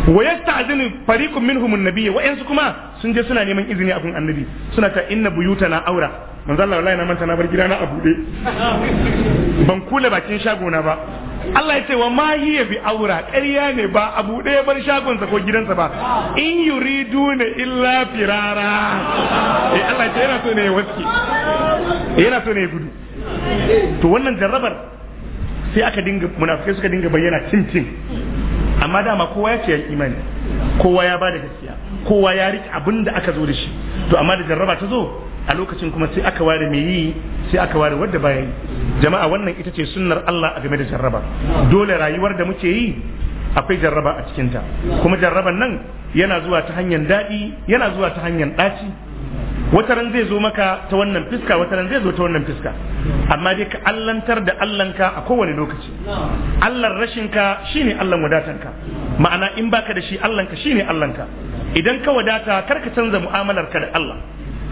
A: wa yasta'dinu fariqun minhum an-nabiy wa yansu kuma sun je suna neman izini a gun annabi suna ta inna buyutana aura manzo Allah wallahi na manta na bar gidana a bude ban kula bakin shagona ba Allah ya ce wa ma hiya bi aura ƙarya ne ba abu ɗaya bar shagonsa ko gidansa ba in yuridu ne illa firara eh Allah ya ce yana so ne ya waske yana so ne ya gudu to wannan jarrabar sai aka dinga munafikai suka dinga bayyana cin cin amma dama kowa ya ce yan imani kowa ya bada gaskiya kowa ya rike abin da aka zo da shi to amma da jarraba ta zo a lokacin kuma sai aka ware mai yi sai aka ware wadda baya yi jama'a wannan ita ce sunnar Allah a game da jarraba dole rayuwar da muke yi akwai jarraba a cikin ta kuma jarraban nan yana zuwa ta hanyar daɗi yana zuwa ta hanyar ɗaci ran zai zo maka ta wannan fiska ran zai zo ta wannan fiska amma dai ka allantar da allanka a kowane lokaci allan rashinka shine allan wadatanka ma'ana in baka da shi allanka shine allanka idan ka wadata kar ka canza mu'amalar ka da Allah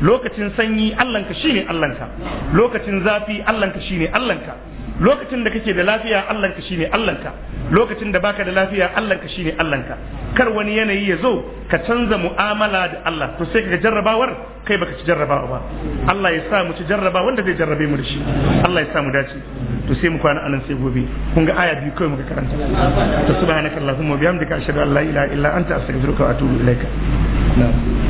A: lokacin sanyi allanka shine allanka lokacin zafi allanka shine allanka lokacin da kake da lafiya allanka shine allanka lokacin da baka da lafiya allanka shine allanka kar wani yanayi ya zo ka canza mu'amala da Allah to sai ka jarrabawar kai baka ci jarrabawa ba Allah ya sa mu ci jarraba wanda zai jarrabe mu da shi Allah ya sa mu dace to sai mu kwana anan sai gobe kun ga aya biyu kai muka karanta to subhanakallahumma wa bihamdika ashhadu an la ilaha illa anta astaghfiruka wa atubu ilaika na'am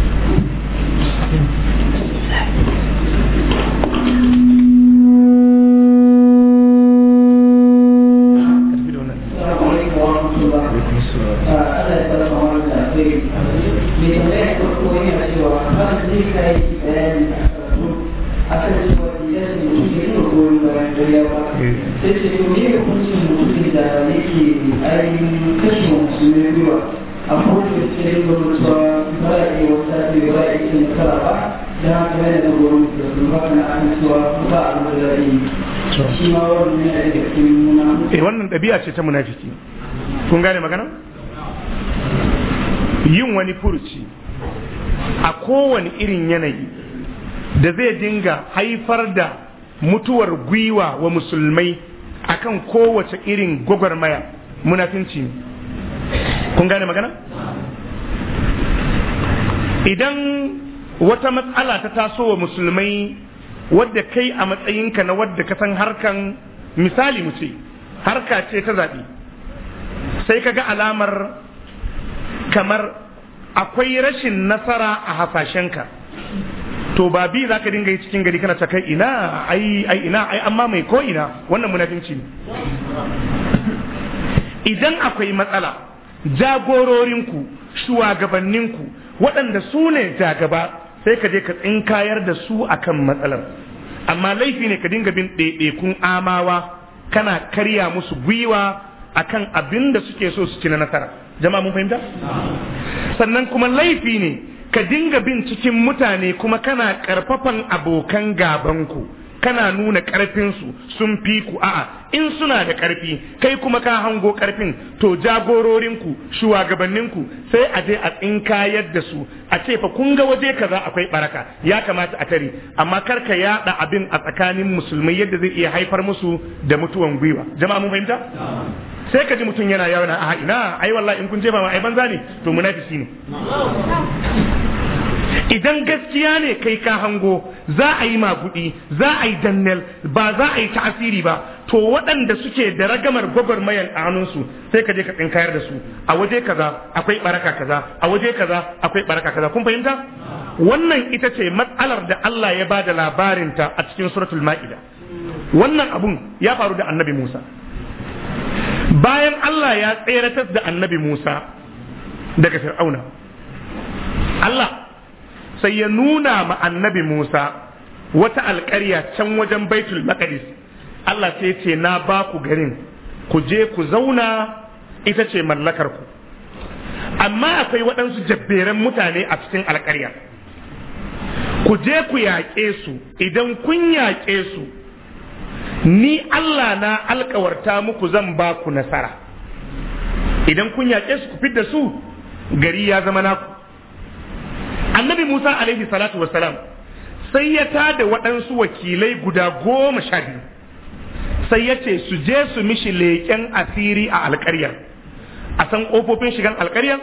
A: ɗabi'a ce ta munafiki kun gane magana yin wani furuci a kowane irin yanayi da zai dinga haifar da mutuwar gwiwa wa musulmai akan kowace irin gwagwarmaya munafinci ne kun gane magana idan wata matsala ta taso wa musulmai wadda kai a matsayinka na wadda ka san harkan misali mu ce harka ce ta zaɓi, sai kaga alamar kamar akwai rashin nasara a hasashenka to ba bi za ka dinga yi cikin gari kana ta ina ai ai ina ai amma mai ko ina wannan munafinci ne idan akwai matsala jagororinku shugabanninku waɗanda su ne jagaba sai ka je ka tsinkayar da su akan matsalar amma laifi ne ka dinga bin ɗaiɗaikun amawa kana karya musu gwiwa kan abin da suke so su ci na nasara jama'a mun fahimta sannan kuma laifi ne ka dinga bin cikin mutane kuma kana karfafan abokan gabanku kana nuna ƙarfinsu sun fi ku a'a in suna da ƙarfi kai kuma ka hango ƙarfin to jagororinku shugabanninku sai a je a tsinka yadda su a ce fa kun ga waje kaza akwai baraka ya kamata a tare amma kar ka yada abin a tsakanin musulmai yadda zai iya haifar musu da mutuwan gwiwa jama'a mun fahimta sai ka ji mutum yana yawon a ina ai wallahi in kun je ba ma ai banza ne to munafisi
C: ne
A: idan gaskiya ne kai ka hango za a yi magudi za a yi dannel ba za a yi ta'asiri ba to waɗanda suke da ragamar gwagwarmayar a hannunsu sai ka je ka tsinkayar da su a waje kaza akwai baraka kaza a waje kaza akwai baraka kaza kun fahimta wannan ita ce matsalar da Allah ya bada da labarinta a cikin suratul ma'ida wannan abun ya faru da annabi Musa bayan Allah ya tas da annabi Musa daga fir'auna Allah sai ya nuna ma annabi Musa wata alƙarya can wajen baitul maqdis Allah sai ce na ba ku garin ku je ku zauna ita ce mallakar ku amma akwai waɗansu jabberan mutane a cikin alƙarya ku je ku yaƙe su idan kun yaƙe su ni Allah na alƙawarta muku zan ba ku nasara idan kun yaƙe su ku fidda su gari ya zama naku annabi musa alaihi salatu wassalam sai ya tada waɗansu wakilai guda goma sha biyu sai ya ce su je su mishi leƙen asiri a alƙaryar a san ƙofofin shigan alƙaryar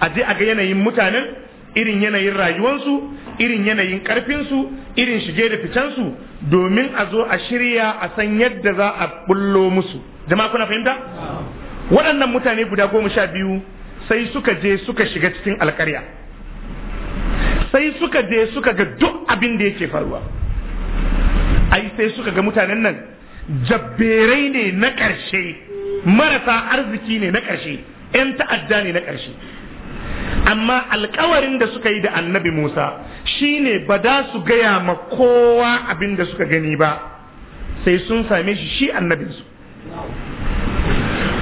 A: a je a ga yanayin mutanen irin yanayin rayuwansu irin yanayin ƙarfinsu irin shige da ficensu domin a zo a shirya a san yadda za a bullo musu jama'a kuna fahimta waɗannan mutane guda goma sha biyu sai suka je suka shiga cikin alƙarya sai suka je suka ga duk abin da yake faruwa ai sai suka ga mutanen nan jabberai ne na ƙarshe marasa arziki ne na ƙarshe 'yan ta'adda ne na ƙarshe amma alkawarin da suka yi da annabi Musa shine ba za su gaya ma kowa abin da suka gani ba sai sun same shi shi annabinsu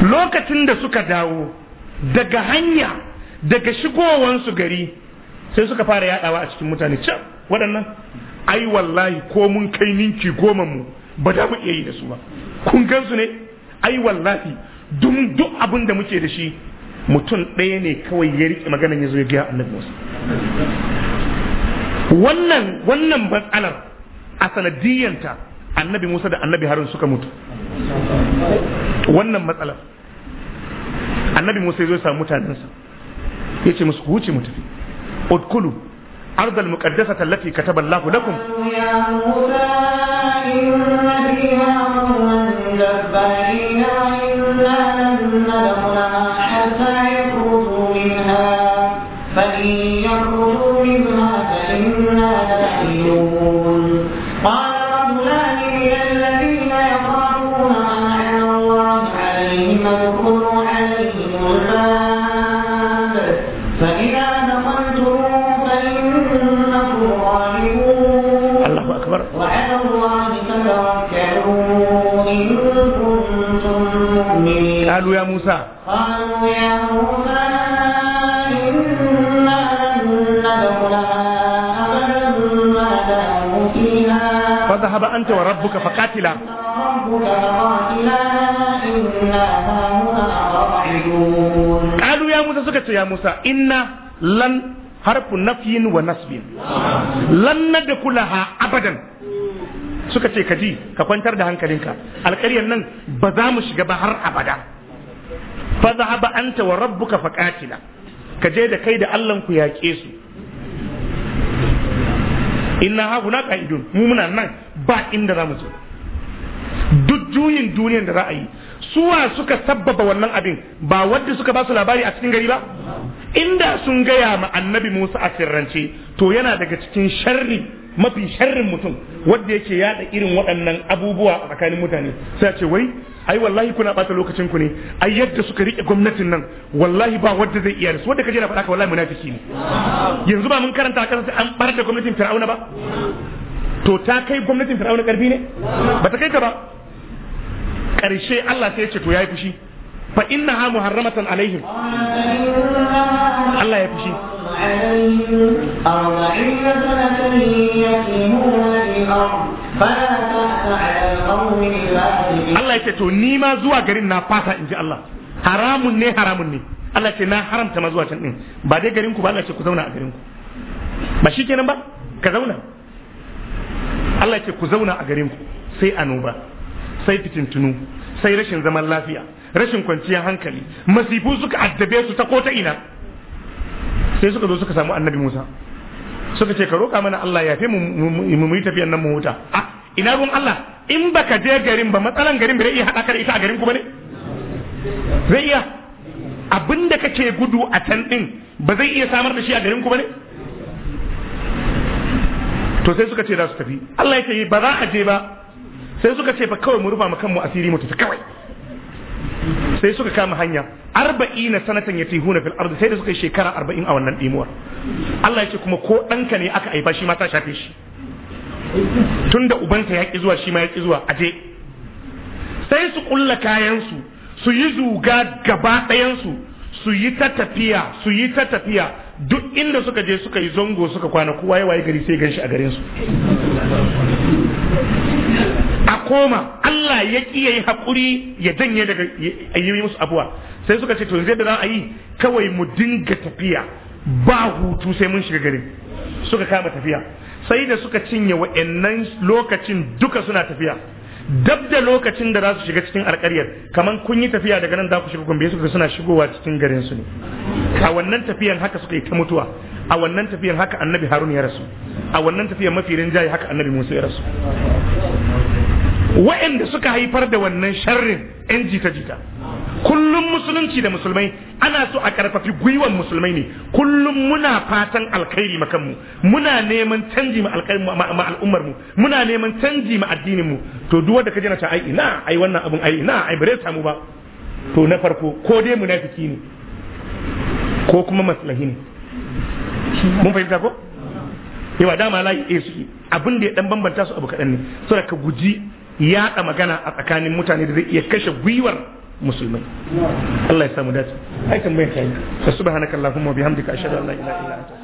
A: lokacin da suka dawo daga hanya daga shigowansu gari sai suka fara yadawa a cikin mutane can waɗannan ai wallahi ko mun kai ninki goma mu ba da mu iya yi da su ba kun gansu ne ai wallahi duk duk abin da muke da shi mutum ɗaya ne kawai ya riƙe maganar ya zo ya gaya annabi Musa wannan wannan matsalar a sanadiyanta annabi Musa da annabi Harun suka mutu wannan matsalar annabi Musa ya zo ya samu mutanensa ya ce musu ku wuce mu tafi ادخلوا الارض المقدسة التي كتب الله لكم
B: إنا ندخلها حتى
A: اذهب أنت وربك فقاتلا قالوا يا موسى سكت يا موسى إن لن حرف نفي ونسب لن ندخلها أبدا suka ce ka ji ka kwantar da hankalinka alƙaryar nan ba za mu shiga ba har abada fa ba anta wa rabbuka faqatila ka je da kai da Allah ku yaƙe su inna ha kuna qa'idun mu muna nan ba inda za mu je duk juyin duniyar da za a yi suwa suka sabbaba wannan abin ba wadda suka ba su labari a cikin gari ba inda sun gaya ma annabi musa a sirrance to yana daga cikin sharri mafi sharrin mutum wadda yake yada irin waɗannan abubuwa a tsakanin mutane sai a ce wai ai wallahi kuna bata lokacin ku ne ai yadda suka rike gwamnatin nan wallahi ba wadda zai iya su wadda kaje na faɗa ka wallahi munafiki ne yanzu ba mun karanta kan an bar da gwamnatin fir'auna ba to ta kai gwamnatin fir'auna karfi ne ba ta kai ta ba karshe Allah sai ya ce to yayi fushi fa inna innaha muharramatan alaihim Allah ya fushi Allah ya ce to ni ma zuwa garin na fasa in ji Allah haramun ne haramun ne Allah ce na haramta ma zuwa can din ba dai garin ku ba Allah ce ku zauna a garin ku ba shikenan ba ka zauna Allah ce ku zauna a garin ku sai anuba sai fitintunu sai rashin zaman lafiya rashin kwanciyar hankali masifu suka addabe su ta kota ina sai suka zo suka samu annabi Musa suka ce ka roƙa mana Allah ya fi mu yi tafiyan nan mu huta a ina ruwan Allah in baka je garin ba matsalan garin bai iya haɗa ita a garin ku bane zai iya abinda kake gudu a can din ba zai iya samar da shi a garin ku bane to sai suka ce za su tafi Allah ya ce ba za a je ba sai suka ce fa kawai mu rufa mu kanmu asiri mu tafi kawai sai suka kama hanya arba'ina sanatan ya yatihuna fil ardi sai da suka yi shekara arba'in a wannan dimuwar Allah ya ce kuma ko ɗanka ne aka aifa shi ma ta shafe shi Tun da ubanta ya ƙi zuwa shi ma ya ƙi zuwa je. sai su ƙulla kayansu su yi zuga gaba ɗayansu su yi ta tafiya su yi ta tafiya duk inda suka je suka yi zango suka kwana kowa ya waye gari sai gan shi a garin su a koma Allah ya ki hakuri ya janye daga ayi musu abuwa sai suka ce to yanzu da za a yi kawai mu dinga tafiya ba hutu sai mun shiga garin suka kama tafiya sai da suka cinye wa'annan lokacin duka suna tafiya dab da lokacin da za su shiga cikin alkaryar kamar kun yi tafiya daga nan za ku shiga gombe su suna shigowa cikin garin su ne a wannan tafiyan haka suka yi ta mutuwa a wannan tafiyan haka annabi harun ya rasu a wannan tafiyan mafi rinjaye haka annabi musa ya rasu wa'anda suka haifar da wannan sharrin yan jita-jita kullum musulunci da musulmai ana so a karfafi gwiwan musulmai ne kullum muna fatan alkhairi makanmu muna neman canji ma alkhairi ma al'ummar mu muna neman canji ma addinin mu to duk wanda kaje na ta ai ina ai wannan abun ai ina ai bare samu ba to na farko ko dai munafiki ne ko kuma maslahi ne mun fahimta ko yawa dama layi ɗaya su abin da ya dan bambanta su abu kadan ne saboda ka guji yaɗa magana a tsakanin mutane da zai iya kashe gwiwar musulmai Allah ya samu dace ai tambayar ta yi subhanakallahumma bihamdika ashhadu an la ilaha illa anta